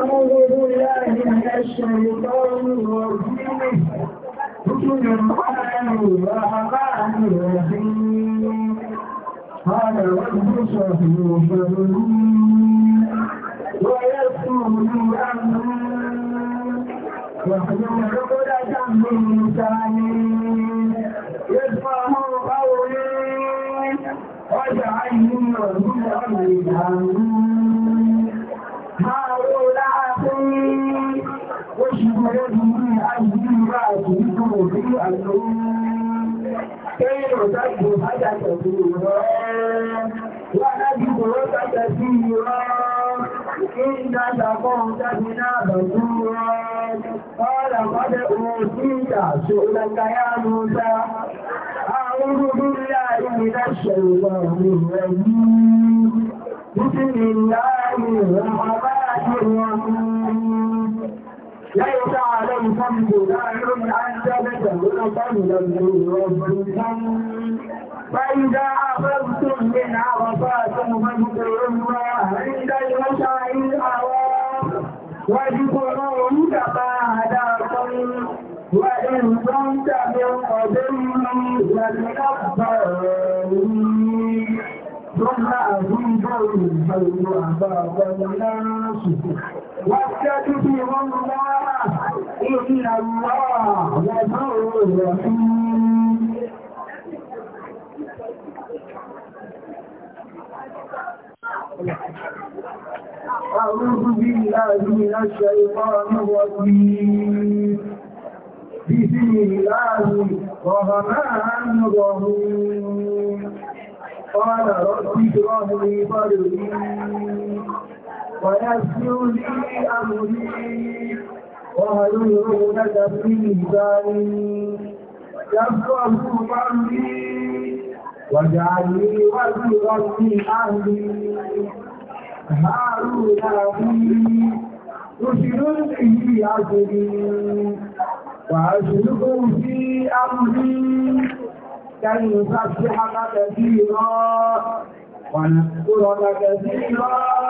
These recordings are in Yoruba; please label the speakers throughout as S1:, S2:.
S1: أعوذ بالله من الشيطان الرجيم بسم
S2: الله الرحمن الرحيم قال رب اشرح لي صدري ويسر
S1: لي أمري واحلل
S2: عقدة من لساني يسمعه قولي واجعلني من أمري آمين المرأة مثل ذي النور كي نسبح كثيرا ونذكر كثيرا إنك كنت بنا بصيرا قال قد أوتيت سؤلك يا موسى أعوذ بالله من الشيطان الرجيم بسم الله الرحمن الرحيم لا يدع عليه فمد أن تبتغل فضلا من فإذا أخذتم من عرفات فاذكروا الله عند المشعر الحرام وإن كنت من قبله لمن الضالين ثم أزيدوا الحي أباك الناس واستجدوا الله إن الله غفور
S1: رحيم
S2: أعوذ بالله من الشيطان الرجيم بسم الله الرحمن الرحيم قال رب اشرح لي صدري ويسر لي أمري وهلوه لك في ميزاني يفقه قلبي واجعل لي وزيرا من أهلي هارون أخي رشد به أجري وأشركه في أمري كي نسبحك كثيرا ونذكرك كثيرا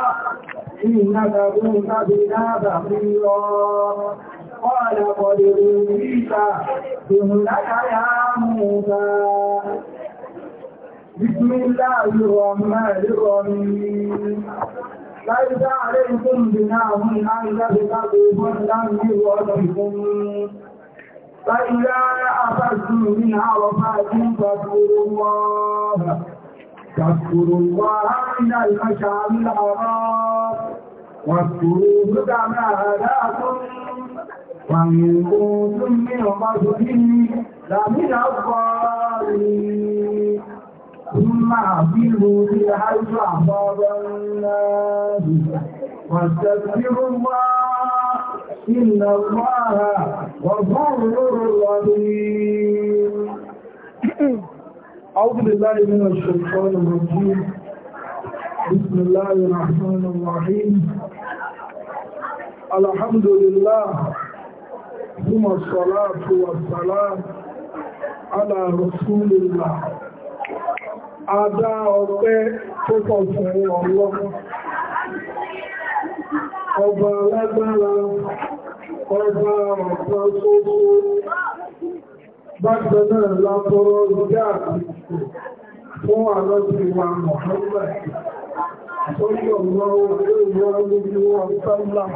S2: إنك كنت بنا بخيرا قال قد أوتيت سهلك يا موسى بسم الله الرحمن الرحيم ليس عليكم بناه أن تبتغوا فضلا من ربكم فإذا أخذتم من عرفات فاذكروا الله
S1: فاذكروا
S2: الله عند المشعر الحرام
S1: واذكروا
S2: ما هداكم وإن كنتم من قبله لمن الضالين ثم أعطلوا في حيث أحباب الناس واستغفروا الله إن الله غفور رحيم أعوذ بالله من الشيطان الرجيم بسم الله الرحمن الرحيم الحمد لله ثم الصلاة والسلام على رسول الله Adá ọpẹ́ tó pọ̀ fún ọlọ́pọ̀. Ọba alágbára, ọba ọ̀pọ̀ tó tó bákan náà lábọ́rọ̀ ìgbà àti fún àlọ́sí wa Mọ̀hánbà. صلى الله عليه وآله وسلم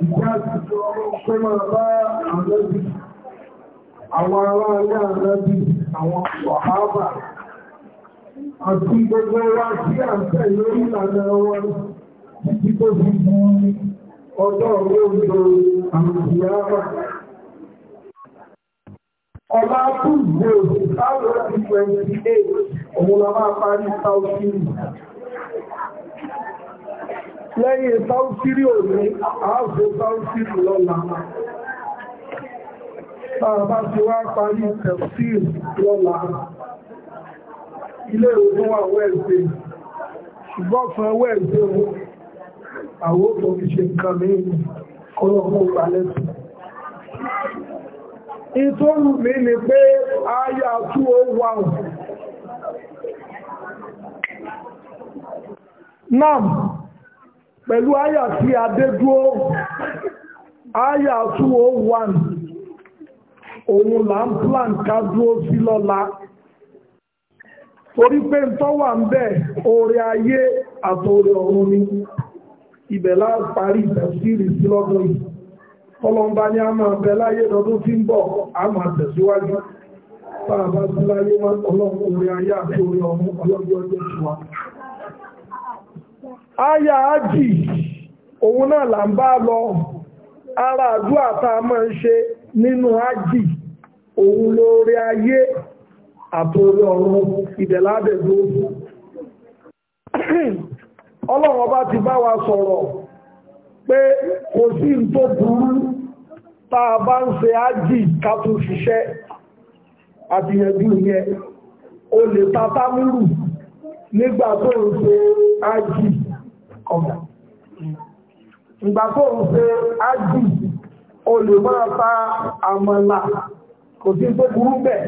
S2: Ìjọ́sọ́mọ̀ bá àlọ́bí, àwọn ará ní àlọ́bí, àwọn ọ̀hábà, àti gbogbo wa tí à ń tẹ̀ lórí ìlànà wọn títí tó fi mú ọjọ́ orílẹ̀-èdè àmìyàwó. Ọlá Tùgbò, táwọn ọdún 28, òun la máa parí South Syria lẹ́yìn sáúsírì òní àáfò sáúsírì lọ́la bàbá ti wá parí tẹ̀síl lọ́la ilé ìwòsàn wà wẹ́ẹ̀dẹ̀ ṣùgbọ́n fún wẹ́ẹ̀dẹ̀ mú àwọn òtò fi ṣe nǹkan mẹ́rin kọ́lọ̀kọ́ ìgbàlẹ́sì ìtòrù mi ni pé àyà 201 náà pẹ̀lú àyà tí a dé dúró àyà 201 òun là ń plan ká dúró sí lọ́la torí pé ń tọ́wà ń bẹ̀ orí ayé àtòrí ọ̀run ni ibẹ̀ láà parí ìtẹ̀síìrì sí lọ́dún yìí kọlọmbá ní a máa bẹ láyé lọ́dún tí ń bọ̀ a máa tẹ̀síwájú bá a bá sí láyé wọn ọlọ́run orí ayé àtòrí ọ̀run ọlọ́run ọjọ́ ìṣúwá Aya ájì, òun náà là ń bá lọ, ara àdúrà tá a máa ń ṣe nínú ájì, òun lóore ayé àtòrí ọ̀run ìdẹ̀lábẹ̀dó. Ọlọ́run ọba ti bá wa sọ̀rọ̀ pé kò sí n tó burú tá a bá ń ṣe ájì ká ṣiṣẹ́ àtìyànjú yẹn o lè ta nígbà tó ń ṣe ájì ọ̀gá. Ìgbà tó ń ṣe ájì, o lè máa ta àmàlà, kò sí tó burú bẹ̀.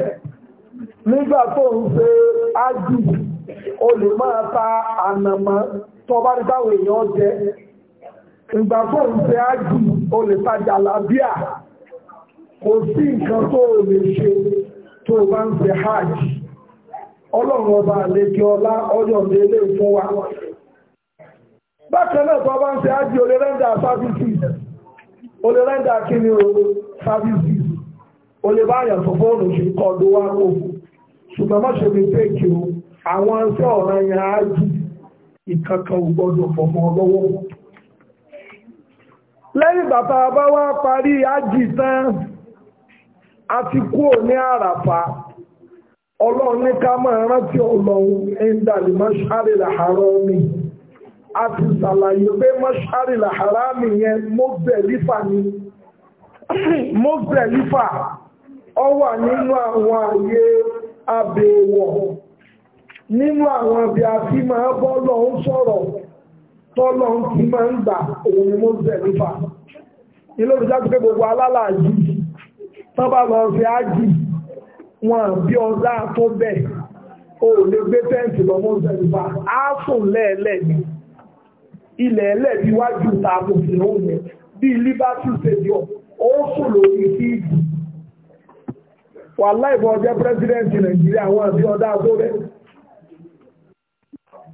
S2: Nígbà tó ń ṣe ájì, o lè máa ta ànàmọ́ tó bá ní táwọn èèyàn jẹ. Ìgbà tó ń ṣe ájì, o lè ta jàlábíà, kò sí nǹkan tó lè ṣe tó bá ń ṣe hajj. Ọlọ́run ọba àlejò ọlá ọjọ́ ilé fún wa. bákan náà tó bá ń ṣe ájí services olè rẹ́ndà kí services olè bá yàn fún fóònù ṣe kọ́ ọdún wá kó ṣùgbọ́n má ṣe lè tẹ́kì o àwọn iṣẹ́ ọ̀ràn yẹn ájí ìkankan ò gbọ́dọ̀ fọmọ lọ́wọ́ lẹ́yìn bàbá bá wá parí ájí tán a ti ní àràfà ká máa rántí ọlọ́run làárọ̀ mi. a ti mọ́ṣárìlà haramì yẹn mọ́gbẹ̀lífà ni ọ wà nínú àwọn ààyè abèèwọ̀ nínú àwọn abẹ́ àti máa bọ́lọ̀ ń sọ̀rọ̀ tọ́lọ̀ ń ti máa ń gbà òun ni mọ́gbẹ̀lífà ilé òrùjá tó pé gbogbo alálàájì tán bá lọ sí ájì wọn bí ọlá tó o lè gbé lọ á sùn ilẹ̀ ẹlẹ́bí tààbò fìlà òní bíi liberty stadium ó sùn lórí fíìdì wàhálà ìbọn ọjọ́ pírẹsidẹ́ǹtì nàìjíríà àwọn àbí ọ̀dà àtọ́rẹ́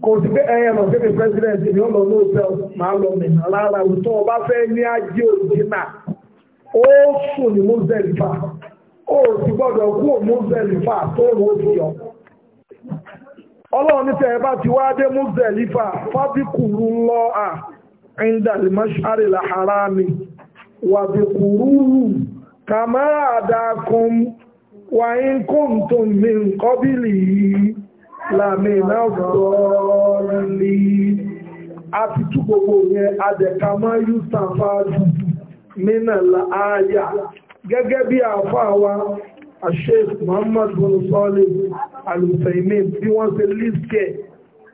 S2: kò sí pé ẹyẹ lọ sí mi pírẹsidẹ́ǹtì ni ó lọ lóòótọ́ máa lọ mi rárá òótọ́ ọba fẹ́ ní ajé òjìnà ó sùn ní mozelifa ó sì gbọ́dọ̀ kú òmozelifa tó ń fi ọlọ́run bá ti wá dé Muzdalifa fábíkùrú lọ à ìndàlì làhárá mi wà ń kóǹtùn mi kọ́bìlì yìí làmìnà sọ́ọ̀lì a ti tú gbogbo yẹn adẹ̀ka mọ́ yúsàfáàdù nínà Sheikh Muhammad bin Salih Al-Uthaymeen bí wọ́n ṣe líṣkẹ̀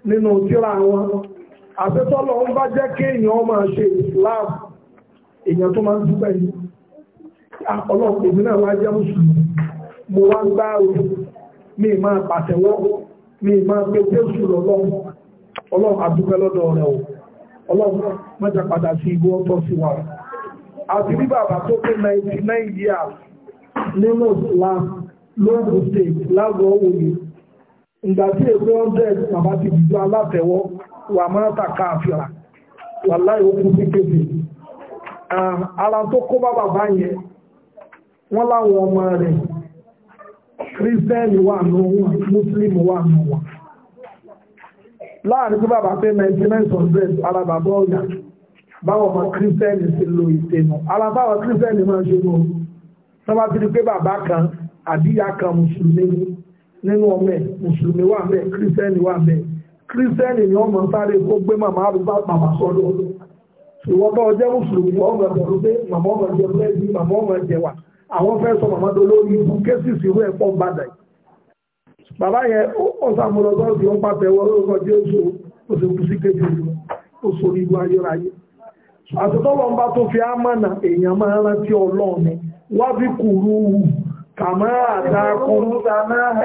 S2: nínú tíra wọn àtẹ́tọ́lọ̀ ń bá jẹ́ kí èèyàn máa ṣe Islam èèyàn tó máa ń dúpẹ́ ní ah, ọlọ́pọ̀ èmi náà wá jẹ́ mùsùlùmí mo wá ń gbá o mi máa pàtẹ́wọ́ mi máa pe Jésù lọ́lọ́ ọlọ́run àdúpẹ́ lọ́dọ̀ rẹ̀ o ọlọ́run mẹ́ta padà sí igbó ọtọ́ sí wa àti bí bàbá tó pé 99 years nínú islam lóògùn state lágọ̀ọ́ òye ìgbà tí èkó hundred bàbá ti dìbò alátẹ̀wọ́ wà máa tàkà àfihàn wà láì okùn sí kébè ara tó kó bá bàbá yẹn wọ́n láwọn ọmọ rẹ̀ kírísítẹ́nì wà nù wọn mùsùlùmí wà nù wọn láàrin tí bàbá pé ninety nine hundred ara bàbá ọ̀yà báwọn ọmọ kírísítẹ́nì ti lo ìtẹ̀nù ara báwọn kírísítẹ́nì máa ṣe nù sọ́wọ́ ti di pé bàbá kan àbíyá kan mùsùlùmí nínú ọmọ ẹ̀ mùsùlùmí wà bẹ́ẹ̀ kírísítẹ́nì wà bẹ́ẹ̀ kírísítẹ́nì ni ọmọ sáré kó gbé màmá àrùbá bàbá sọ́dọ̀ ìwọ́n bá ọjọ́ mùsùlùmí ọmọ ẹ̀dọ̀rú pé màmá ọmọ ẹ̀jẹ̀ búrẹ́dì màmá ọmọ ẹ̀jẹ̀ wà àwọn fẹ́ sọ màmá dolórí ibú kéṣìṣì irú ẹ̀pọ̀ ń bàdà bàbá yẹn ó sàmúlọ sọ́ọ̀sì ó ń pàtẹ́wọ́ lórúkọ Jésù wábí kùrú kàmá àdákùn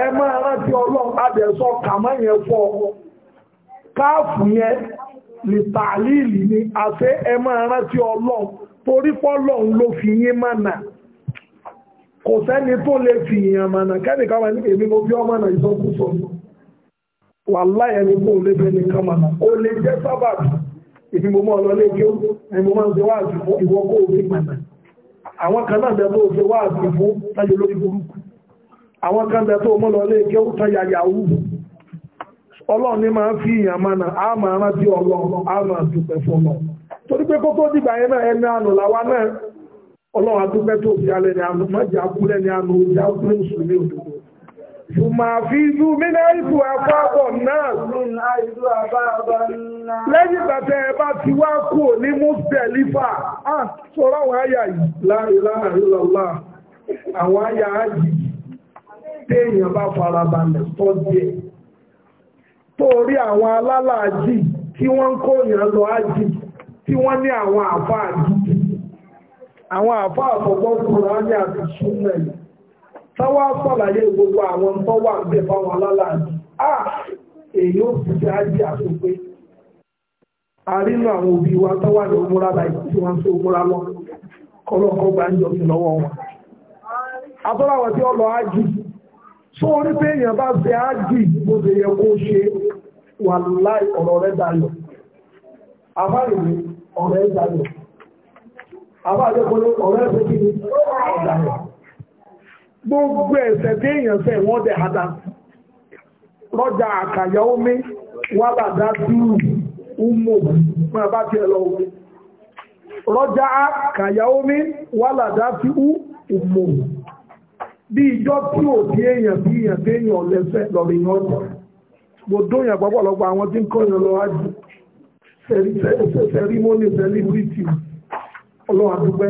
S2: ẹ máa rántí ọlọ́run adẹ̀sọ kàmá yẹn fọ́ káàfù yẹn lè tààlìlì ni a àṣẹ ẹ máa rántí ọlọ́run torí pọ́lọ́run ló fi yín mánà kò sẹ́ni tó lè fi ìyàn mánà kẹ́nìkan wà ní èmi mo fi ọmọ náà ìsọkúsọ wà láyẹ̀ ní kó lè bẹ́ẹ̀ nìkan mánà ó lè jẹ́ sábàbí ìfimọ́mọ́ ọlọ́lẹ́gbẹ́ ẹ̀mọ́mọ́ ń ṣe wá àti ìwọ́kọ́ òfin mánà àwọn kan náà bẹ̀rẹ̀ tó ṣe wá àti fún táyé lórí burúkú àwọn kan bẹ̀rẹ̀ tó mọ́lọ lé kí ó tán yàyà wù ní máa ń fi ìyàn máa nà á máa rántí ọlọ́run á máa dúpẹ́ fún Ìmàfíìzú mínárìkù àpapọ̀ náà. Lẹ́yìn ìgbàtẹ̀ ẹ̀bá ti wá kú ní Mùsùlùmí. À sọ́rọ̀ àwọn àyà yìí láàrin lọ́lá. Àwọn àyà ájì téèyàn bá farabalẹ̀ tọ́ díẹ̀. Torí àwọn alálàájì tí wọ́n ń kó ìyàn lọ ájì tí wọ́n ní àwọn àfáà gidi. Àwọn àfáà fọ́gbọ́n Kùránì àti Súnmẹ̀ táwa sàlàyé gbogbo àwọn tó wà ń bẹ̀ fáwọn alálàájì à èyí ó sì ṣe ájì àtúnpé àrínú àwọn òbí wa tó wà ní òmúra báyìí tí wọ́n ń ṣe òmúra lọ kọ́lọ́kọ́ gbà ń jọ sí lọ́wọ́ wọn àtọ́láwọ̀ tí ó lọ ájì tó orí pé èèyàn bá ṣe ájì bó ṣe yẹ kó ṣe wà láì ọ̀rọ̀ rẹ̀ dayọ̀ àbáyìí ọ̀rẹ́ dayọ̀ àbáyìí ọ̀rẹ́ dayọ̀ gbogbo ẹ̀ṣẹ̀ tí èèyàn ṣẹ̀ wọ́n dẹ̀ hada rọ́jà àkàyà omi wà bàdá dúrù umo máa bá ti ẹ̀lọ omi rọ́jà àkàyà omi wà bàdá ti ú umo bí ìjọ tí ò tí èèyàn bí èèyàn tí èèyàn lẹ́ṣẹ̀ lọ́rọ̀ èèyàn ọ̀dọ̀ gbogbo èèyàn pọ̀pọ̀lọpọ̀ àwọn tí ń kọ́ èèyàn lọ wájú sẹ̀rímónì sẹ̀líbírìtì ọlọ́wà dúpẹ́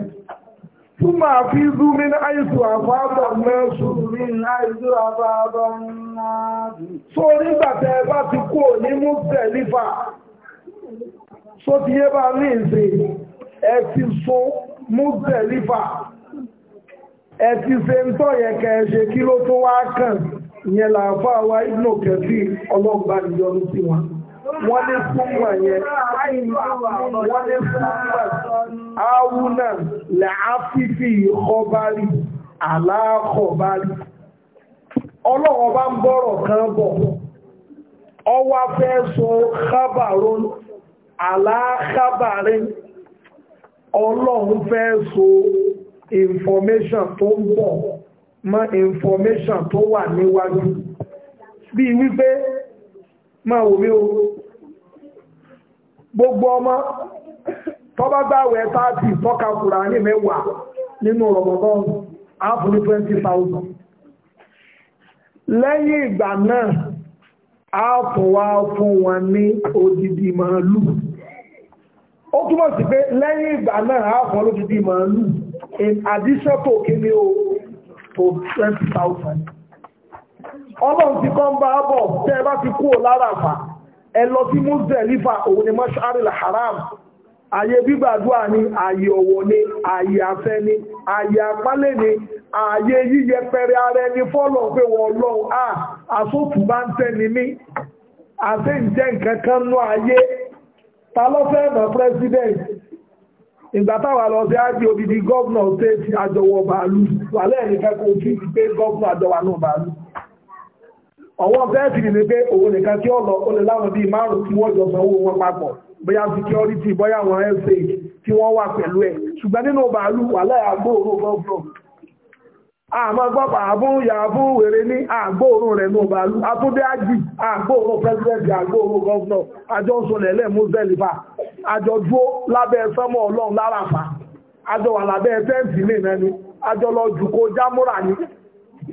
S2: ثم أفيضوا من حيث أفاض الناس من حيث أفاض الناس so nígbà tẹ́ ẹ bá ti kú ní Muzdalifa so ti yé bá ní ìsìn ẹ ti so Muzdalifa ẹ ti ṣe ń tọ́ yẹn kẹ́ẹ̀ṣe kí ló tó wá kàn ìyẹn làáfà wa Ibn Kathir ọlọ́gbà ìyọnu sí wọn wọ́n ní súnmọ̀ yẹn wọ́n ní súnmọ̀ áwúnà làáfífì ọbárí aláàkọ̀bárí ọlọ́wọ́ bá ń bọ́rọ̀ kan bọ̀ ọwá fẹ́ sọ kábàrún aláàkábàrín ọlọ́run fẹ́ sọ information tó ń bọ̀ mọ́ information tó wà níwájú bí wípé máa wò mí o gbogbo ọmọ tọ́bá gbáwẹ̀ 30 tọ́ka anyị mẹ́wàá nínú Ramadan áàfún 20,000 lẹ́yìn ìgbà náà áàfún fún wọn ní odidi màálù ó túnmọ̀ sí pé lẹ́yìn ìgbà náà áàfún olódidi màálù in addition to o to 20,000 ọlọ́run ti kọ́ ẹ lọ sí Muzdalifa òun ni mọ́ṣárì haram ààyè gbígbàdúrà ni ààyè ọ̀wọ̀ ni ààyè afẹ́ ni ààyè apálẹ̀ ni ààyè yíyẹ pẹrẹ ara ẹni fọ́lọ̀ pé wọ́n lọ́wọ́ à àsòfù bá ń tẹ́ni mí àti ìjẹ́ nǹkan kan nú ayé ta ló fẹ́ mọ̀ president ìgbà táwa lọ sí ájí odidi gọ́ọ̀nà state àjọwọ̀ bàálù wà lẹ́ẹ̀ni fẹ́ kó fi pé gọ́ọ̀nà àjọwà náà bàálù ọwọ́ bẹ́ẹ̀sì ni pé òun nìkan tí ó lọ ó lè láwọn bíi márùn tí wọ́n jọ sanwó wọn papọ̀ bóyá security bóyá àwọn airfare tí wọ́n wà pẹ̀lú ẹ̀ ṣùgbọ́n nínú bàálù wà láì agbóòrò gọ́ọ̀gọ́ àmọ́ gbọ́pọ̀ àbún yàbún wèrè ní àgbóòrò rẹ̀ nù bàálù àtúndé àjì àgbóòrò president àgbóòrò gọ́ọ̀gọ́ àjọ ń sọlẹ̀ lẹ́ mùsẹ̀lìfà àjọ dúó lábẹ́ sọ́mọ́ ọlọ́run láràfà àjọ wà lábẹ́ tẹ́ǹtì mìíràn ni àjọ lọ jù kó jámúrà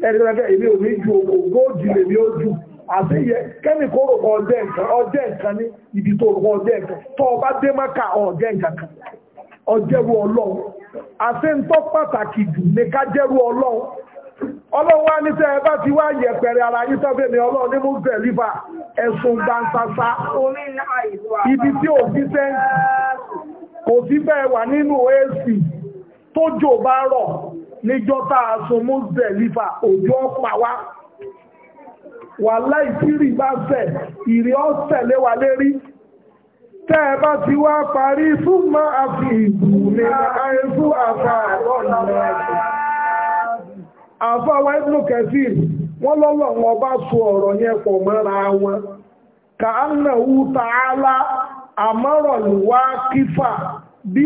S2: ẹ̀rẹ́gbẹ́ èmi ò iwe ju ògógó jù lèmi ó jù àti yẹ kẹ́mìkó rògbò ọjẹ́ nǹkan ọjẹ́ nǹkan ní ibi tó rògbò ọjẹ́ nǹkan tó ọba dé mọ́kà ọjẹ́ nǹkan kan ọjẹ́rú ọlọ́run àti ń tọ́ pàtàkì jù ní kájẹ́rú ọlọ́run ọlọ́run wá ní sẹ́ ẹ bá ti wá ara yín ni ọlọ́run ní múzẹ̀ lífà ẹ̀sùn gbansasa ibi tí ò sí sẹ́ńtì kò sí bẹ́ẹ̀ wà nínú èsì bá rọ̀ níjọ́ta àsun mọ́sẹ̀lífà òjò ọ̀pá wá wà láì tí rí bá fẹ̀ ìrí ọ̀sẹ̀ léwà lérí tẹ́ ẹ bá ti wá parí fún mọ́ àfi ìbù ní àìsú àfà àfà wa ibùn kẹfì wọ́n lọ́lọ́ wọn bá so ọ̀rọ̀ yẹn pọ̀ mọ́ra wọn ka annahu kífà bí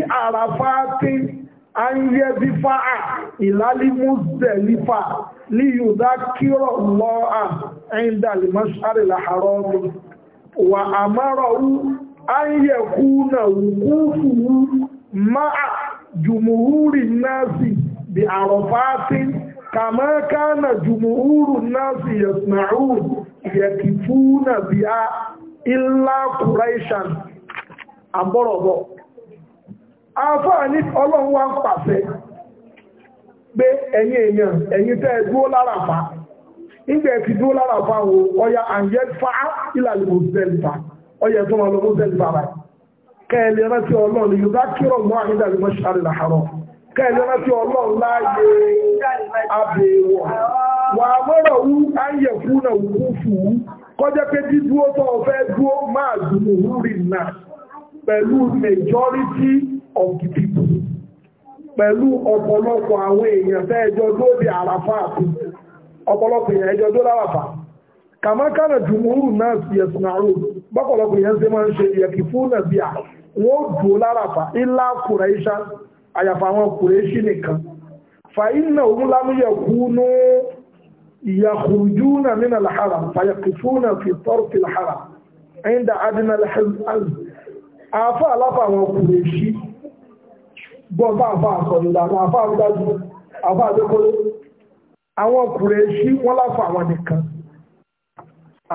S2: ayé bífà à ìlálímúzẹ̀lífà líyùdá kírọ̀ lọ́à ẹ̀ndàlì mọ́ṣárì làárọ̀ mi wà àmọ́rọ̀ wú ayé kú náà wùkúfù wú máa jùmùhúrì náàsì bí àrọ̀fáàtín kàmá kánà jùmùhúrù náàsì yẹ̀kìfú náà bí a ilá kùrẹ́ṣàn àbọ̀rọ̀bọ̀ àfáà ní ọlọ́run wá ń pàṣẹ pé ẹ̀yin èèyàn ẹ̀yin tẹ́ ẹ lára fa nígbà ti dúró lára fa wo ọya àyẹ fa ìlàlẹ̀ mọ̀sẹ̀lìfà ọya tó máa lọ mọ̀sẹ̀lìfà rẹ̀ kẹ́ẹ̀lẹ̀ rántí ọlọ́run yóò bá kírọ̀ mọ́ àyíndàlẹ̀ mọ́ṣáré làárọ̀ kẹ́ẹ̀lẹ̀ rántí ọlọ́run láàyè kọjá of the people pẹ̀lú ọ̀pọ̀lọpọ̀ àwọn èèyàn fẹ́ ẹjọ́ lóde àràfà àti ọ̀pọ̀lọpọ̀ èèyàn ẹjọ́ tó láwàfà kàmákànà jùmúrù náà sí ẹ̀sùn àrùn bọ́pọ̀lọpọ̀ èèyàn ṣe máa ń ṣe ìyẹ̀kì fún nàbí à wọ́n dùn láràfà ilá kùrẹ́ṣà àyàfà àwọn kùrẹ́ṣì nìkan fàínà òun lámúyẹ̀ kúnú يخرجون من الحرم فيقفون في طرف الحرم عند أدنى الحزب أفا لفا وقريشي bọ́ọ̀bá àfá àsọ̀dọ̀dà àwọn àfá àgbájú àfá àwọn ọkùnrin ṣí wọ́n láfa àwọn nìkan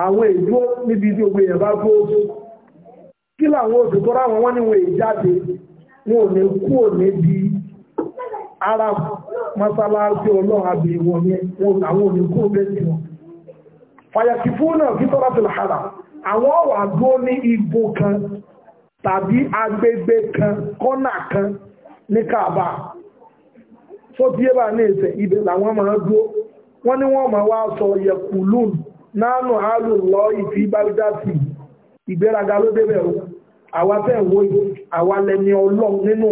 S2: àwọn èdúró níbi tí ògbé yẹn bá gbó oṣù kí làwọn oṣù tó ráwọn wọn níwọn èjáde wọn ò ní kú ò ní di ara mọ́sálásí ọlọ́run wọn àwọn kú fàyàkì fún náà kí kan tàbí agbègbè kan kọ́nà kan ní káàbà tó bí ẹbà ní ibẹ̀ làwọn máa dúró wọ́n ní wọ́n wá sọ yẹkùlùn nánú àálù lọ ìfì bárídàtì ìgbéraga ló débẹ̀ o àwa bẹ́ẹ̀ wo àwa lẹni ọlọ́run nínú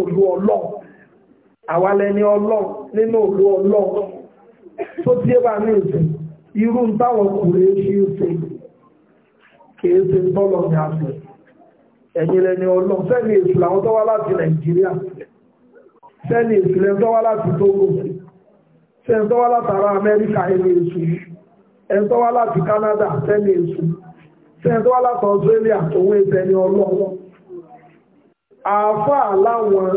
S2: àwa lẹni nínú tó bí ẹbà ní irú ń táwọn kùrẹ́ ṣe ṣe kìí ṣe ẹ̀yìn lẹni sẹ́ni ìsìlẹ̀ tọ́wá láti Togo sẹ́ni tọ́wá látara Amẹ́ríkà ẹni èṣù ẹni tọ́wá láti Canada sẹ́ni èṣù sẹ́ni tọ́wá láti Australia òun èṣù ẹni ọlọ́wọ́ àáfàá láwọn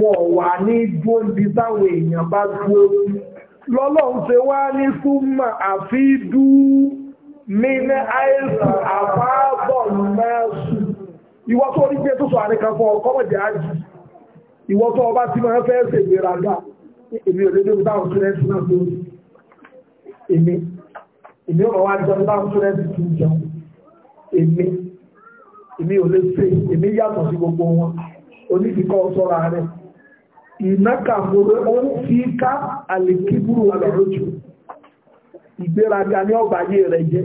S2: wọn wà ní gbóǹdì táwọn èèyàn bá dúró lọ́lọ́run ṣe wá ní súnmọ́ àfídú mi ní àìsàn àfáàbọ̀ mẹ́sùn ìwọ́n tó gbé tó sọ àríkà fún ọkọ̀ mọ̀jẹ̀ àjì ìwọ́ tó ọba tí máa fẹ́ ṣe ìgbéraga èmi ò lédè bá òṣèrẹ́sì náà tó èmi èmi ò wá jẹun bá òṣèrẹ́sì tó jẹun èmi èmi ò lè ṣe èmi yàtọ̀ sí gbogbo wọn onídìíkọ́ sọ́ra rẹ̀ ìnáka fòrò òun fi ká àlèkíbúrú àlọ́rọ́jù ìgbéraga ní ọba ayé rẹ̀ jẹ́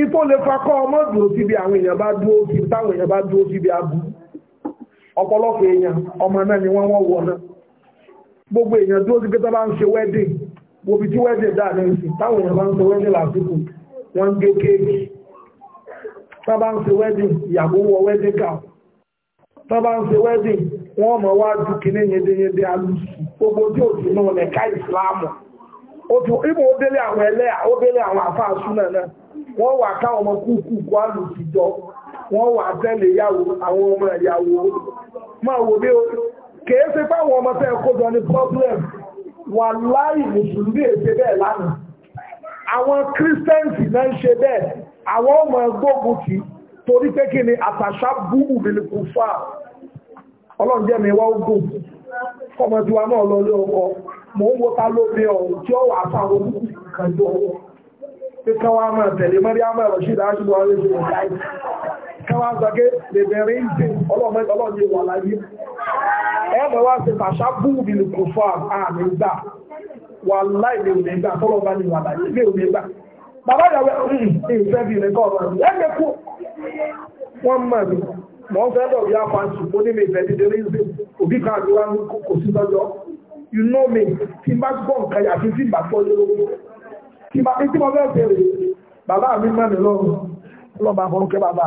S2: ìtò lè fakọ́ ọmọ dúró síbi àwọn èèyàn bá dúró síbi táwọn èèyàn bá dúró síbi aburú ọ̀pọ̀lọpọ̀ èèyàn ọmọ náà ni wọ́n wọ́n náà gbogbo èèyàn dị sí pé bá ń ṣe wedding wobi tí wedding dáa ní ìsìn táwọn èèyàn bá ń ṣe wedding lásìkò wọ́n gé kéèkì tó bá ń ṣe wedding ìyàwó wọ wedding gown tó bá ń wedding wọ́n mọ̀ wá ju kíní yedeyede alùsù gbogbo tí ò sí náà lẹ́ka ìmọ̀ ó délé àwọn ó délé àwọn wọ́n wà tẹ́lẹ̀ yàwó àwọn ọmọ ìyàwó máa wò bí o kèé ṣe fáwọn ọmọ tẹ́ kó jọ ní problem wà láì mùsùlùmí èṣe bẹ́ẹ̀ lánàá àwọn kírísítẹ́ǹsì náà ń ṣe bẹ́ẹ̀ àwọn ọmọ gbógun tì torí pé kí ni àtàṣà búrú bìlì kù fà ọlọ́run jẹ́ mi wá ogun ọmọ tiwa náà lọ lé ọkọ mò ń wo ta ló mi ọ̀hún tí ó wà fáwọn olùkọ́ kan jọ pé káwọn máa tẹ̀lé mọ́rí àmọ́ ẹ̀rọ ṣì dáhùn sí wọn lé wá ń sọgé lèbẹ̀rẹ̀ ń dè ọlọ́ọ̀ni wà láyé ẹ̀mọ̀ wá sí fàṣà búrú bí lùkù fún àmì gbà wà láì lè òní gbà tọ́lọ́ bá ní wà láyé lè òní gbà bàbá ìyàwó ìfẹ́ hmm, bí ilẹ̀ kọ́ ọ̀rọ̀ ẹgbẹ́ kú wọ́n mọ̀ mí mọ̀ ń fẹ́ lọ bí afáǹtì ó ní mi ìfẹ́ dídé ní ìfẹ́ òbí kan àdúrà kò sí lọ́jọ́ you know me tí n bá gbọ́ nǹkan yàtí tí n bá tọ́ lérò tí n bá bẹ̀rẹ̀ bàbá mi mọ̀ mí lọ́rùn lọ́ba àfọ̀rúnkẹ́ bàbá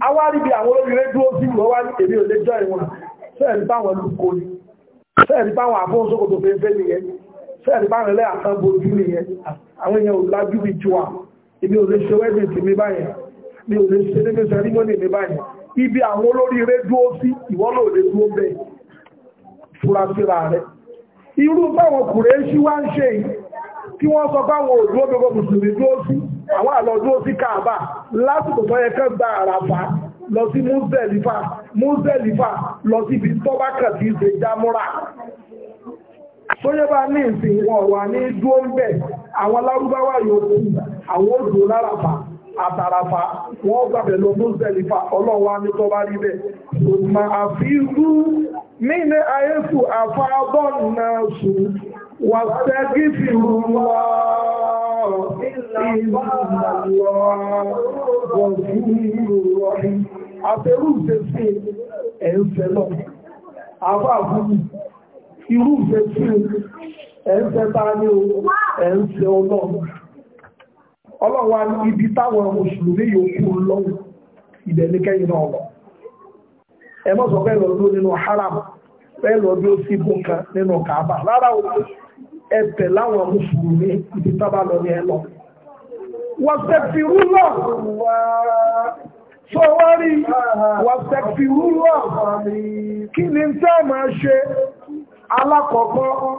S2: awárí bí àwọn olóbìnrin dúró sí ìwọ́ wá ní èmi ò lè jọ ìwọ̀n fẹ́ẹ̀rí báwọn lùkọ́ ni fẹ́ẹ̀rí báwọn àfọ́nsókòtò fẹ́fẹ́ nìyẹn fẹ́ẹ̀rí báwọn ẹlẹ́ àtàbójú nìyẹn àwọn èèyàn ò lájú bí tiwa èmi ò lè ṣe wẹ́dìn tì mí báyẹn mi ò lè ṣe níbi sẹ́rímọ́nì mi báyẹn ibi àwọn olóríire dúró sí ìwọ́ lò lè dúró bẹ́ẹ̀ fura síra rẹ̀ irú báwọn kùrẹ́ sí wá ń ṣe yìí kí wọ́n sọ báwọn òdúró gbogbo mùsùlùmí dúró sí àwọn àlọ́dúró sí káàbà lásìkò tó yẹ kán gba àràfà lọ sí múzẹ̀lífà múzẹ̀lífà lọ sí ibi tó bá kàn sí ṣe jámúrà sóyé bá ní ìsìn wọn wà ní dúró ń bẹ̀ àwọn lárúbáwá yòókù àwọn òdúró láràfà àtàràfà wọ́n gbàbẹ̀ lọ múzẹ̀lífà ọlọ́wà ní tó bá rí bẹ́ẹ̀ òmà àfi irú mí ní ayé sùn àfáàbọ̀ náà sùn واستغفروا الله إن الله ní nínú haram sí nínú ẹ̀bẹ̀ láwọn mùsùlùmí ibi tábà lọ ní ẹlọ lọ. tó wá rí lọ! kí ni tẹ́ máa ṣe alákọ̀ọ́kọ́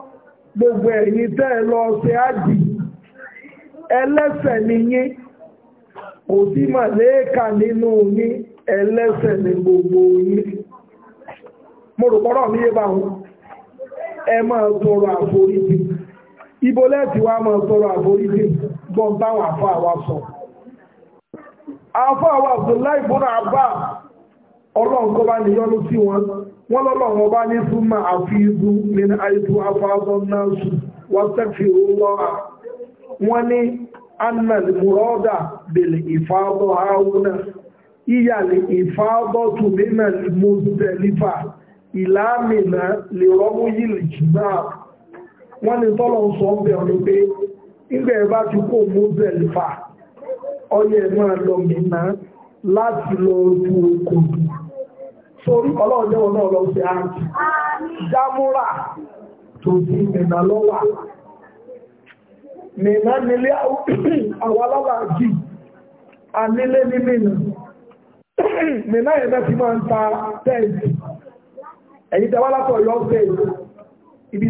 S2: gbogbo ẹ̀yin tẹ́ lọ ṣe ájì ẹlẹ́sẹ̀ nìyí kò sí màlẹ́ẹ̀kà nínú yín ẹlẹ́sẹ̀ ní gbogbo yín mo rò pọ́rọ̀ ní ẹ máa ibo lẹ́ẹ̀tì wá mọ̀ sọ̀rọ̀ àforíjì gbọ́n táwọn àfá àwa sọ àfá àwa Abdullahi ibn Abbas ọlọ́run kọ́ bá ní yọ́nú sí wọn wọ́n lọ́lọ́run ọba ní súnmọ́ àfihàn nínú àìsù afáàbọ̀ náà sùn wọ́n tẹ́fì lọ́wọ́ wọ́n ní annal murada bil ìlàmìnà lè rọ́mú yìí jùmọ́ àpò wọ́n ni tọ́lọ̀ ń pé ìgbẹ̀ bá ti kó mobile fa ọyẹ máa lọ mìíràn láti lọ ojú oko sórí ọlọ́ọ̀dẹ́wọ̀n náà lọ sí àǹtí jámúrà tó ti mìíràn lọ́wà mìíràn nílé anílé ní mìíràn mìíràn ibi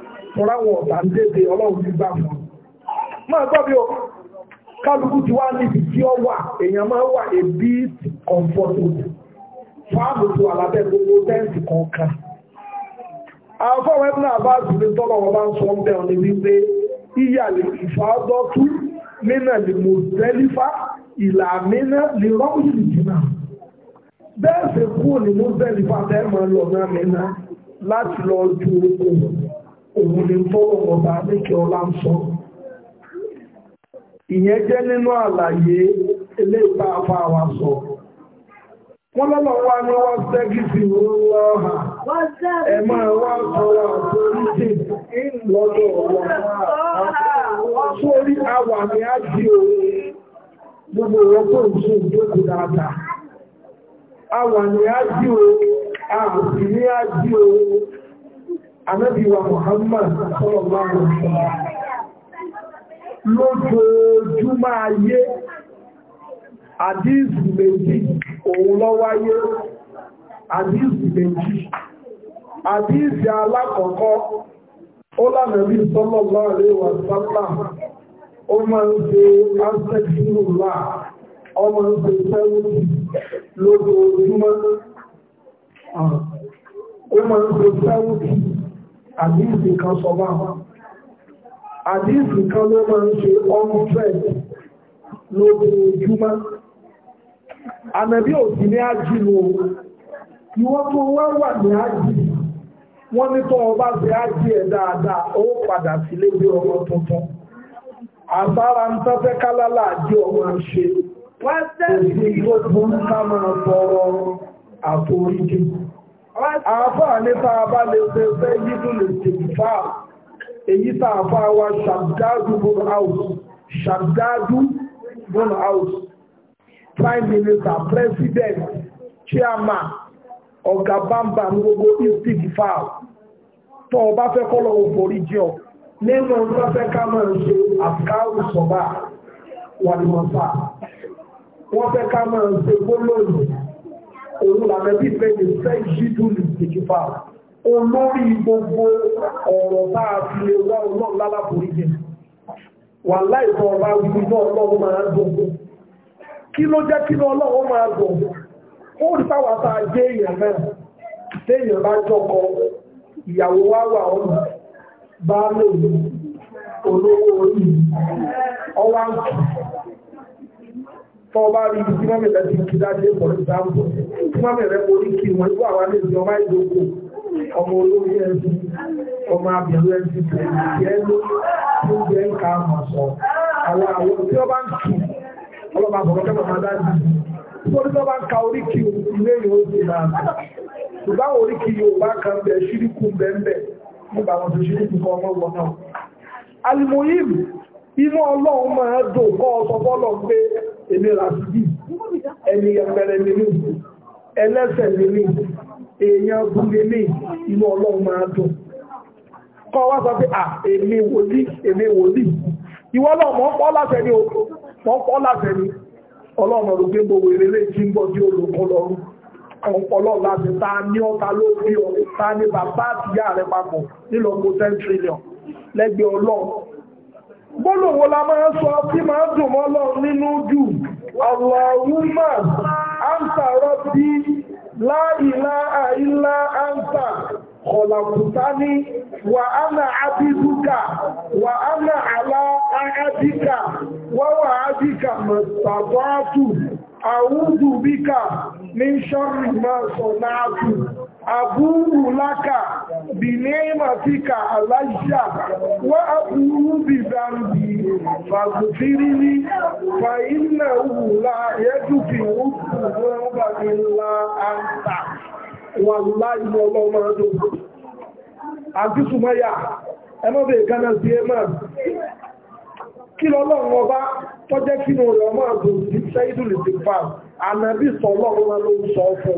S2: tọ́láwọ̀ ọ̀tà ń dédé ọlọ́run ti gbà fún máa gbọ́ bí o kálukú ti wá níbi tí ó wà èèyàn máa wà a bit comfortable fáàmù tó alábẹ́ gbogbo tẹ́ǹsì kọ̀ọ̀kan àwọn fọ́wọ́ ẹ̀bùn náà bá ti ní tọ́lọ̀ wọn bá ń sọ ń bẹ̀ ọ́ ní wípé ìyàlè ìfàdọ́tú mínà lè mọ̀ tẹ́lifá ìlà mínà lè rọ́ọ̀yì nìjìnà bẹ́ẹ̀ sì kúrò ní mọ̀ tẹ́lifá tẹ́ẹ̀ máa lọ náà mínà láti lọ ju okòwò òun lè tọ́lọ̀ ọ̀bá lékẹ́ ọlá ń sọ ìyẹn jẹ́ nínú àlàyé eléèpá afá wa sọ wọ́n lọ́lọ́ wá ní wá sẹ́kì sí lọ́wọ́ ọ̀hà ẹ máa wá sọ́wọ́ àforíjì lọ́dọ̀ ọ̀wọ́ sórí o gbogbo wọn tó ń Ànábì Muhammad sallallahu alaihi wasallam lójoojúmọ́ ayé àdíìsì méjì òun ló wáyé àdíìsì méjì àdíìsì alákọ̀ọ́kọ́ ó lánàbí sallallahu alaihi wasallam ó máa ń ṣe aṣẹ́kìrùlá ọmọ ń ṣe sẹ́wọ́n lójoojúmọ́ ó máa ń ṣe sẹ́wọ́n àdíìsì kan sọ bá àdíìsì kan ló máa ń ṣe ọ́nfẹ́d lójoojúmọ́ ànàbí òsì ní ájìlò ìwọ́n tó wá wà ní ájì wọ́n ní tó ọba sí ájì ẹ̀ dáadáa ó padà sílé bí ọmọ tuntun àbára ń tọ́fẹ́ kálálà àjí ọmọ ṣe wọ́n tẹ́sí tó ká máa tọrọ àforíjì àáfàá ní tá a bá lè ṣe fẹ́ yí tó lè ṣe fà èyí tá a fà wá ṣàbdádù bọ́n house ṣàbdádù bọ́n house prime minister president chairman ọ̀gá bàbá ní gbogbo istik fà tó o bá fẹ́ kọ́lọ̀ òfòrí jẹ́ ọ nínú tó fẹ́ ká máa ṣe àkáwù sọ̀bà wà ní wọ́n fà wọ́n fẹ́ ká máa ṣe gbólóyìn òun làmẹ́bí pẹ̀lú fẹ́ ìṣídùlù ìkìfà olórí gbogbo ọ̀rọ̀ táa fi lè wá ọlọ́run lálàbòrí jẹ wà láìsọ ọba wíwíjọ ọlọ́run máa dùn kí ló jẹ́ kí ọlọ́run máa dùn ó rí táwà táa jẹ́ èèyàn náà téèyàn bá jọkọ ìyàwó wá wà ọ̀nà bá lè olówó orí ọwá ń tọ́ bá rí ibi tí wọ́n mẹ́ta ti kí dájú ẹ̀kọ́ ní wọ́n bẹ̀rẹ̀ orí kí wọ́n tó àwọn àlejò ọmọ ìdókò ọmọ olórí ẹ̀sìn ọmọ abìnrin ẹ̀sìn kìí ẹ̀lú tó jẹ́ ń ka mọ̀ sọ àwọn àwọn tí wọ́n bá ń tù ọlọ́mọ àbọ̀rọ̀ kẹ́kọ̀ọ́ máa dájú nítorí wọ́n bá ń ka orí kí ilé yóò ti máa bẹ̀ ṣùgbọ́n orí kí yóò bá kan bẹ̀ ṣíríkù bẹ́ẹ̀ nígbà wọn tó ṣíríkù kan ọmọ wọn náà alimoyim inú ọlọ́run máa dùn kọ́ ọ sọ fọ́lọ́ pé èmi rà sí ẹni ẹgbẹ̀rẹ̀ mi ní ìlú ẹlẹ́sẹ̀ lèmi èèyàn bú lèmi inú ọlọ́run máa dùn kọ́ wá sọ pé à èmi wòlíì èmi wòlíì ìwọ náà mọ́ pọ́ láṣẹ ni mọ́ pọ́ láṣẹ ni ọlọ́run ọ̀rọ̀ pé gbogbo èrèlé jí ń bọ́ sí olùkọ́ lọ́rùn ọ̀pọ̀lọ́ láti ta ní ọta ló bí ọ ta ní bàbá àtìyá rẹ̀ papọ̀ nílọ́pọ̀ 10 trillion lẹ́gbẹ̀ẹ́ ọlọ́run gbólóhùn la máa ń sọ tí máa ń dùn mọ́ ọlọ́run nínú jù Allahumma láìlá àìlá áńtà kọ̀làkùtání wà ánà ábídúkà wà ánà àlá ábíkà wáwà ábíkà mọ̀tàbátù àwúdù bíkà ní ṣọ́rì máa sọ náà abúrú láka bí níma ka aláìṣà wá abúrú bí zambi fàgùtírí ní fàílà òhùlá yẹ́dùfì òkùnrin ihe kí lọ́lọ́run ọba tọ́jẹ́ kínú rẹ̀ ọmọ àgbò sí sẹ́ìdùlẹ̀ sí fà ànàbí sọ sọ fún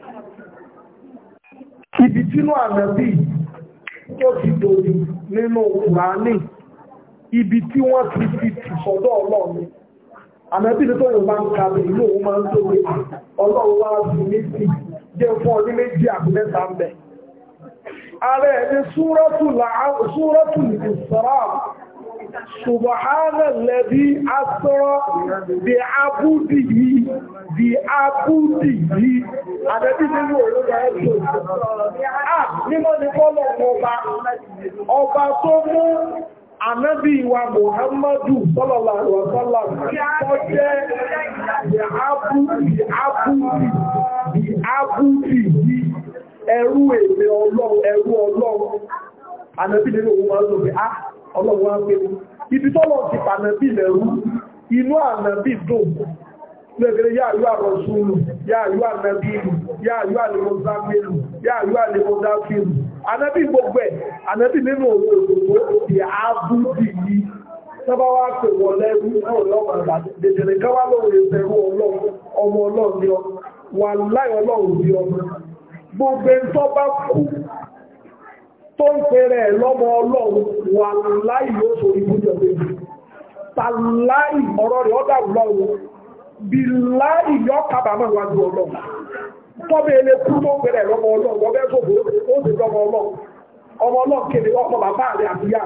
S2: ibi tínú ànábì tó ti dojú nínú ibi tí wọ́n ti fi tì sọ́dọ̀ ọlọ́run ànábì tó tóun ń ka mi òun máa ń tóbi ọlọ́run wá sí méjì jẹ́ fún ọdún méjì ń bẹ̀. ààrẹ ẹni Subhanalladhi asra bí abúdì yìí, bí abúdì yìí, àdẹ́bí nínú òrùka ẹ̀tọ́. À nímọ̀ ní kọ́lọ̀ ọba, ọba tó mú Ànábì wa Muhammadu sallallahu alaihi wa sallam tó jẹ́ bí abúdì, abúdì, bí abúdì yìí, ẹrú èdè ọlọ́run, ẹrú ọlọ́run. Ànábì nínú òun máa lò pé, ah, ọlọ́run wá ibi tọ́lọ̀ ti pànàbí lẹ́rú inú ànàbí dùn lẹ́gbẹ̀rẹ̀ yáàyú àrọ̀súlù yáàyú ànàbílù yáàyú àlèmọ́sámẹ́lù yáàyú àlèmọ́dáfílù ànàbí gbogbo ẹ̀ ànàbí nínú òun òṣòṣò ti àbúdì yìí sábà wá pè wọ́n lẹ́rú dèdèrè káwá lóhùn ìṣẹ̀rú ọmọ ọlọ́run ni ọ wà láì ọlọ́run ni ọmọ gbogbo ẹ̀ tó ń pèrè lọ́mọ ọlọ́run wà láì yóò sọ ìbújọ tàláì ọ̀rọ̀ rẹ̀ ọ́dà lọ́run bí láì yọ́ kábàámọ̀ wájú ọlọ́run tọ́bẹ̀ ilé kú tó ń pèrè lọ́mọ ọlọ́run ó ọmọ ọlọ́run kéde ọmọ bàbá rẹ̀ àti rẹ̀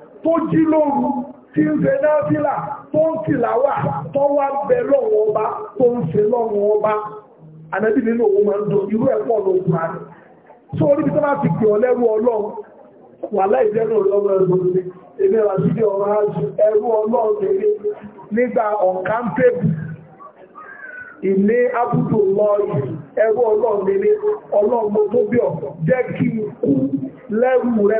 S2: tó jí lóru tí ń fẹ́ náfílà tó ń tìláwà tó wá bẹ lọ́wọ́ ọba tó ń fẹ́ lọ́wọ́ ọba ànábì nínú òun máa ń dùn irú ẹ̀pọ̀ ló kù rárá tó orí bí tó ti pè ọ lẹ́rú ọlọ́run wà láì jẹ́nu ọlọ́run ẹ̀rọ ní èmi ọ̀rọ̀ ẹrú ọlọ́run tẹ̀lé nígbà rẹ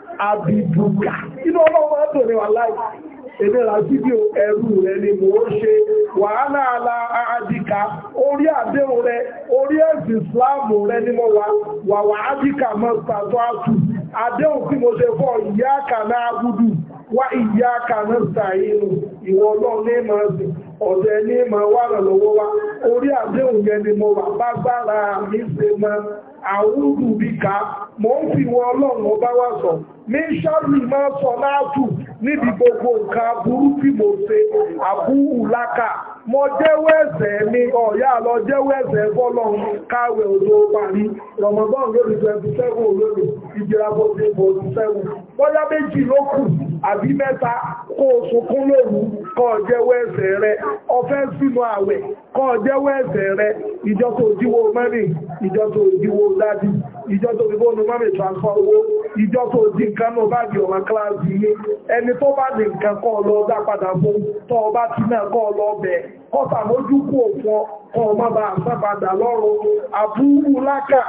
S2: abibuka inú ọlọ́wọ́ ẹ́dùnrin wà láì èdèrà fídíò ẹrù rẹ̀ ni mò ń ṣe wàhálà ala àádìka orí àdéhùn rẹ̀ orí ẹ̀sìn ìsìláàmù rẹ̀ ni mo wà wà wà àádìka mọ́ta tó àtù àdéhùn tí mo ṣe fọ́ ìyá kà náà gúdù wá ìyá kaná sàírù ìwọ ọlọ́run ní ìmọ̀ ẹ̀sìn ọ̀dẹ̀ ní ìmọ̀ wà lọ́wọ́ wa orí àdéhùn yẹn ni mo wà bá gbára mi ṣe mọ́ àwúrù bí ká mọ́ ń fi wọ ọlọ́run ọba wà sọ ní sáré máa sọ láàtù níbi gbogbo nǹkan aburú tí mo ṣe àbúrú láka mo jẹ́wọ́ ẹ̀ṣẹ̀ mi ọ̀yá lọ jẹ́wọ́ ẹ̀ṣẹ̀ fọ́lọ́run káwẹ̀ òjò parí rọmọdán lórí 27 olóòrùn ìjìrà 47 bọ́yá méjì ló kù tàbí mẹ́ta kó o sunkún lóru kó o rẹ ọfẹ́ sínú àwẹ̀ kó o rẹ ìjọ tó mẹ́rin ìjọ tó jíwó dádì ìjọ tó fi bóònù mọ́mí nǹkan náà bá di nǹkan kọ́ kọ́ta mojúkú òfò kan ọmọ bá àṣàbàdà lọ́rùn àbúrú lákà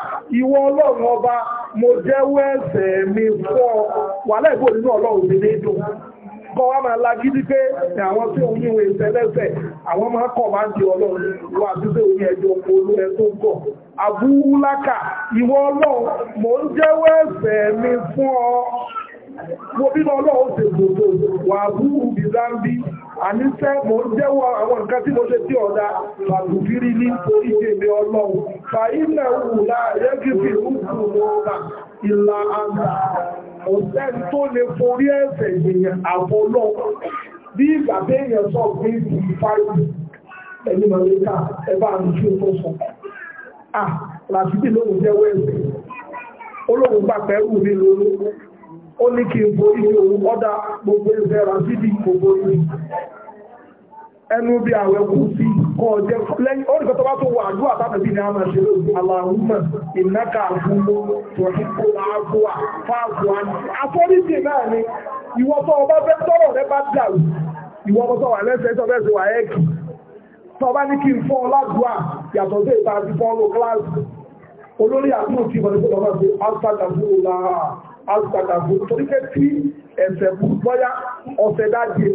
S2: ìwọ ọlọ́run ọba mo jẹ́wọ́ ẹ̀ṣẹ̀ mi fọ́ wà lẹ́gbò nínú ọlọ́run mi nídùn kọ́ wá máa àwọn tí òun àwọn máa kọ̀ máa di ọlọ́run wà ẹjọ́ olú ẹ tó gọ̀ àbúrú lákà ìwọ ọlọ́run mo ń jẹ́wọ́ mi fún ọ àníṣẹ́ mo ń jẹ́wọ́ àwọn nǹkan tí mo ṣe tí ọ̀dá fàgùfírí ní orí èmi ọlọ́run fàílẹ̀ wù láàrẹ́ kìfì rúkù lọ́ọ̀bà ìlà àgbà ọ̀sẹ́ tó lè forí ẹ̀ṣẹ̀ èèyàn àfọlọ́ bí ìgbà téèyàn sọ pé kì í fáìlì ẹni màlẹ́kà ẹbá àmì tí ó tó sọ ah làtúbí lóhun jẹ́wọ́ ẹ̀ṣẹ̀ ó ní kí n borí bí òun ọ́dá gbogbo ìfẹ́ ra síbi kò ẹnu bí àwẹ̀ kú sí kọ́ ọjẹ́ lẹ́yìn ó tó wà àdúrà tàbí ní àmà ṣe lóògbé aláhùnmọ̀ ìnáka àfúnmọ́ náà ni ọba fẹ́ tọrọ rẹ dàrú ìwọ wà lẹ́sẹ̀ alùpàdàbò torí pé tí ẹ̀sẹ̀ bọ́yá ọ̀sẹ̀ dájé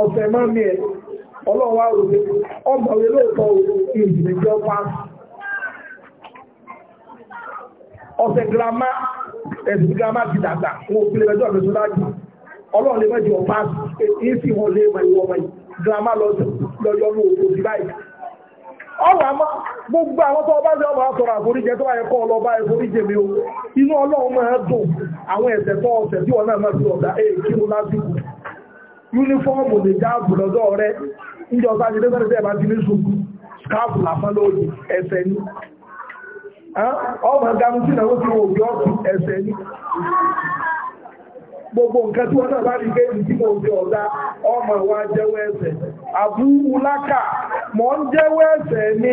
S2: ọ̀sẹ̀ máa mi ẹ̀ ọlọ́wà òwe ọmọwé lóòtọ́ ìrìnlẹ̀jọ́ pass ọ̀sẹ̀ girama ẹ̀sìn girama ti dàgbà wọn òfin lẹ́jọ́ ọ̀sẹ̀ tó dájú ọlọ́run lè mẹ́jọ pass èyí sì wọ́n lè mọ̀ ìwọ̀n girama lọ́jọ́ lóòtọ́ sí báyìí ọwà máa gbogbo àwọn tó ọba jẹ́ ọmọ àtọ̀rọ̀ àforíjẹ tó báyẹ kọ́ ọlọ́ba ìforíjẹ mi o inú ọlọ́run máa dùn àwọn ẹ̀ṣẹ̀ tó ọ̀sẹ̀ tí wọ́n náà máa fi ọ̀dà ẹ̀ kírun lásìkò yúnífọ́ọ̀mù lè já rẹ gbogbo nǹkan tí wọ́n náà bá rí géèmù tí mo jẹ ọ̀dá ọmọ ìwà jẹ́wọ́ ẹ̀ṣẹ̀ àbúrú lákà mọ́ ń jẹ́wọ́ ẹ̀ṣẹ̀ ni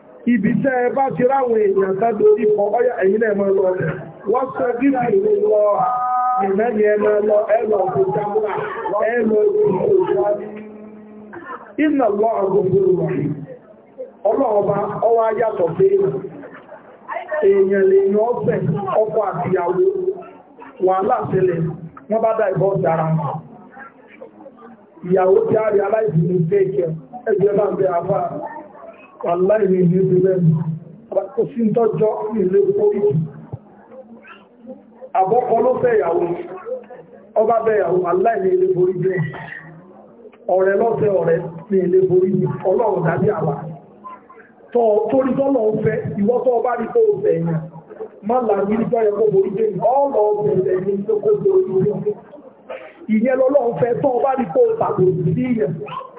S2: ibi tẹ́ ẹ bá ti ráwọn èèyàn tàbí ikọ̀ ọyá ẹ̀yìn náà lọ wọ́n sọ gígbì lọ ìmẹ́ni ẹ lọ ẹlọ òkúta ẹlọ òkúta iná lọ àgbògbòrò wáyé ọlọ́ọba ọwá yàtọ̀ pé èèyàn lè yan ọ̀fẹ́ ọkọ àtìyàwó aláìní ní ibi lẹ́nu kò sí tọ́jọ́ ilé orí àbọ́kọ ló fẹ́ ìyàwó ọba bẹ́ ìyàwó aláìní ilé orí jẹ́ ọ̀rẹ́ lọ́fẹ́ ọ̀rẹ́ ní ilé orí ọlọ́run dàbí àwà torí tọ́lọ̀ ń fẹ́ ìwọ́ tó ọba rí kó bẹ̀ yẹn má làbí nígbà yẹ kó borí jẹ́ ọlọ́ bẹ̀rẹ̀ ní tó kó borí ìyẹn lọ́lọ́run fẹ́ tó ọba rí kó tàbí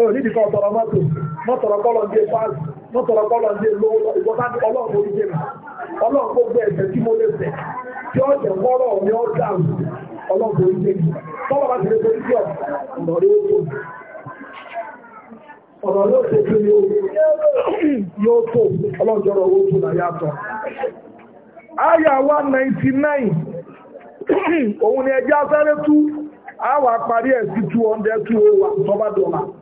S2: onídìkọ́ ọ̀tọ̀rọ̀ mọ́tò mọ́tọ̀rọ̀ kọ́lọ̀ ní pàṣẹ mọ́tọ̀rọ̀ kọ́lọ̀ ní lówó ìgbọ́ta ní mi ọlọ́run gbogbo tí mo lè fẹ̀ tí ó wọ́rọ̀ ní ọjà mi bá ti lè torí yóò tó yóò tó owó tó òun ni tú, ẹ̀ sí 200,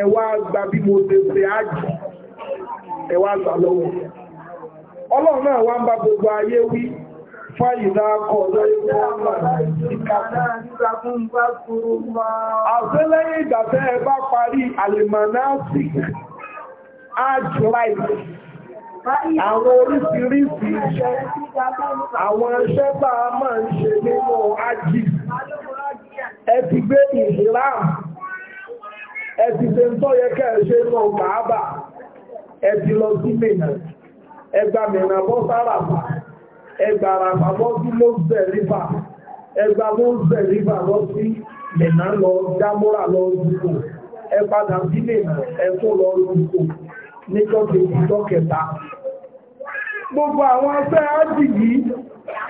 S2: ẹwà gba bí mo ṣe ṣe ájì ẹwà gbà lọ́wọ́ ọlọ́run náà wá ń bá gbogbo ayé wí fáyìlá kọ̀ lọ́yìn ìgbàfẹ́ ẹ bá parí alimanasi ajlight àwọn oríṣiríṣi iṣẹ́ àwọn iṣẹ́ bá a máa ń ṣe nínú ají ẹ ti gbé ìhìláàmù ẹ̀tì tẹ́ ń tọ́ yẹ kẹ́ẹ̀ṣẹ́ lọ kàábà ẹ̀tì lọ sí mìnà ẹgbà mìnà bọ́ sáràfà ẹgbà ràfà bọ́ sí lóòzẹ̀ rífà ẹgbà lóòzẹ̀ rífà lọ sí mìnà lọ jámúrà lọ dùkò ẹpadà sí mìnà ẹ̀tún lọ dùkò níjọ́ kejì tọ́kẹta gbogbo àwọn afẹ́ ájì yìí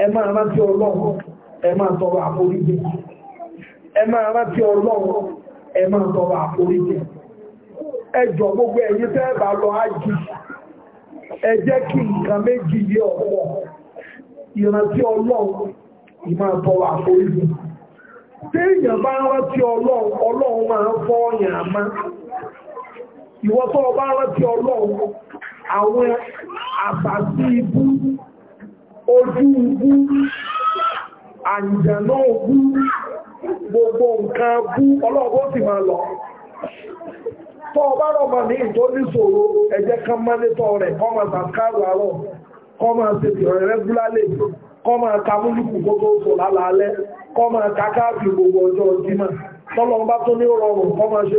S2: ẹ máa rántí ọlọ́run ẹ tọrọ ẹ rántí ọlọ́run ẹ tọrọ àforíjì ẹ jọ gbogbo ẹ̀yin tẹ́ lọ ájì ẹ jẹ́ kí nǹkan méjì yé ọ̀pọ̀ ìrántí ọlọ́run ìmáa tọrọ àforíjì ń ìwọ́tọ́ ọba rántí ọlọ́run àwọn àbàtí ibú ojú ugwu àǹjànà ubú gbogbo nǹkan bú ọlọ́ọ̀bọ́ máa lọ tọ́ ọba rọ̀mà ní ìjọ níṣòro ẹ̀jẹ̀ kan mánítọ̀ rẹ̀ kọ́ máa sàkárò àárọ̀ kọ́ máa ṣe ìrọ̀rẹ̀ rẹ́gúlálẹ̀ kọ́ máa gbogbo gbogbo ọjọ́ jímà tọ́lọ́n bá tún ní rọrùn kọ́ ṣe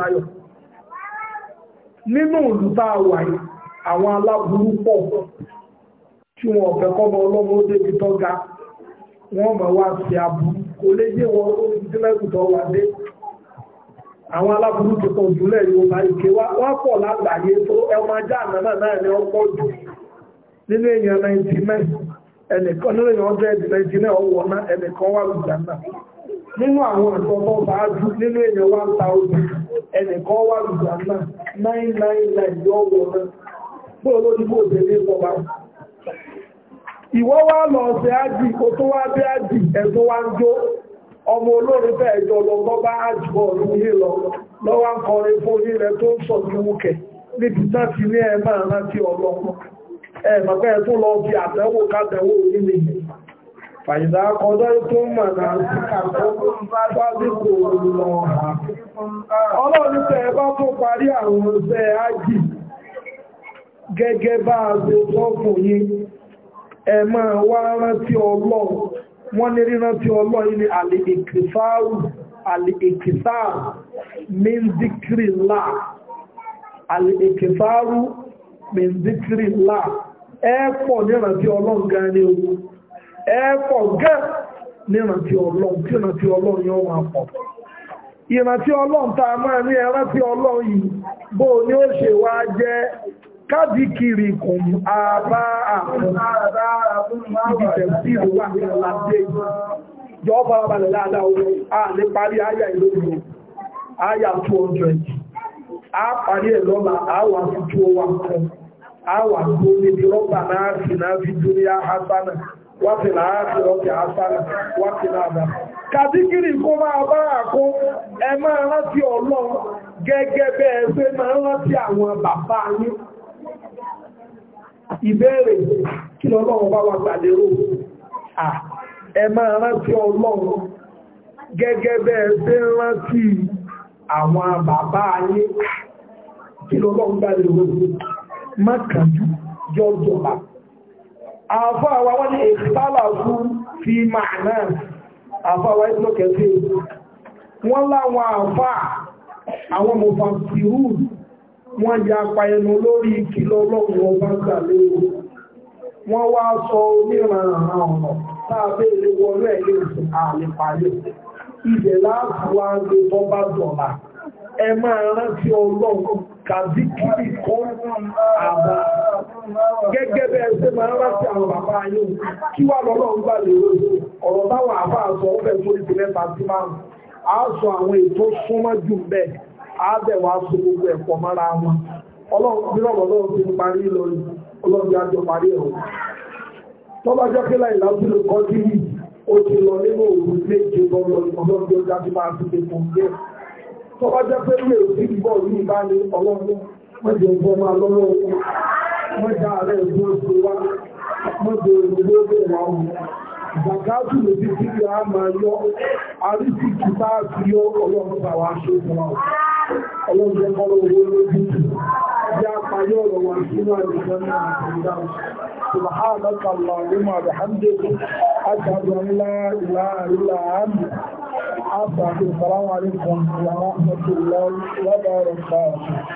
S2: náà nínú òlùbá wà àwọn aláburú pọ̀ tí wọn ọ̀fẹ́ kọ́mọ ọlọ́mọ débi tó ga wọ́n mọ̀ wá sí aburú kò lè yé wọn ó fi sílẹ̀kùn tó wà dé àwọn aláburú ti pọ̀ jùlẹ̀ yorùbá ìké wá pọ̀ lágbàáyé tó ẹwọ́n ajá àmàmà náà ni wọ́n pọ̀ jù nínú èèyàn 99 ẹnìkan nínú èèyàn 199 ọwọ́ nínú àwọn ẹ̀kọ́ tó báájú nínú èèyàn 1000 ẹnìkan wà lùgbà náà 999 yọ náà bóò ló dìbò òbèrè ìjọba ìwọ́ lọ ọ̀sẹ̀ ájì kò tó wá bí ájì ẹ̀tọ́ wá ń jó ọmọ olórin fẹ́ ẹjọ́ lọ bọ́ bá ájì ọ̀rún yìí lọ lọ́wọ́ فإذا قضيتم مناسككم فاذكروا الله ọlọ́run tẹ́ ẹ bá tún parí àwọn ọ̀sẹ̀ ájì gẹ́gẹ́ bá a ṣe sọ fún yín ẹ máa wá rántí ọlọ́ wọ́n ní rírántí ọlọ́run ní ẹ pọ̀ nírántí efoghe gán nírántí ọlọ́run tí ìrántí ọlọ́run yóò wà pọ̀ ìrántí ọlọ́run tá máa ní ẹrántí kùn àbá àkùn ìbìtẹ̀sí ìrọ̀wà àlàdé jọ a parí àyà àyà 200 a parí ẹ̀ lọ́la àwà àwà oh rọ́bà náà fi náà fi wáti láàájú ọkẹ̀ asánà wáti láàdá. Kàdíkìrì kó máa bá àkó ẹ máa rántí Ọlọ́run gẹ́gẹ́ bẹ́ ẹ pé máa rántí àwọn bàbá yín. Ìbéèrè kí lọ́lọ́run bá wà gbàlérò. Ẹ máa rántí Ọlọ́run gẹ́gẹ́ bẹ́ ẹ pé rántí àwọn bàbá yín. Kí lọ́lọ́run gbàlérò. Má kàjú yọjọba àfọ́ àwa wọ́n ní ìsálà fún fi máa náà àfọ́ àwa ìsìnà kẹfẹ́ wọ́n láwọn àfọ́ àwọn mọ̀fà tìrù wọ́n ya pa ẹnu lórí ìkìlọ̀ ọlọ́run ọba gbàlérò wọ́n wá sọ onírànà ọ̀nà táàbẹ̀ ilé wọlé ẹ̀lẹ́ ìsìn àlepayé ibẹ̀ láàfù wá ń gbé bọ́bá dọ̀là ẹ máa rántí ọlọ́run kàbíkìrì kó àbọ̀
S1: gẹ́gẹ́ bẹ́ẹ̀ ṣe máa rántí àwọn bàbá ayé
S2: kí wà lọ́lọ́ ń gbà lérò ọ̀rọ̀ táwọn àbá àṣọ ọ̀fẹ́ sórí ti mẹ́ta sí márùn a sọ àwọn ètò súnmọ́ jù bẹ́ẹ̀ a bẹ̀ wá sọ gbogbo ẹ̀pọ̀ mọ́ra wọn ọlọ́run ti parí lórí ọlọ́run àjọ parí ẹ̀rọ tó bá jẹ́ pé ilé òsì bọ̀ ní ìbáni ọlọ́run mọ́jọ ìbọn máa lọ́wọ́ ọkùn mọ́jọ ààrẹ ìlú oṣù wa mọ́jọ ìlú oṣù wa ọ̀hún ìgbàgbájú lè fi sí ìyá máa já payọ́ ọ̀rọ̀ wà sínú àdìsọ́nà àtìdáwò سبحانك اللهم وبحمدك أشهد أن لا إله إلا أنت أستغفرك السلام عليكم ورحمة الله وبركاته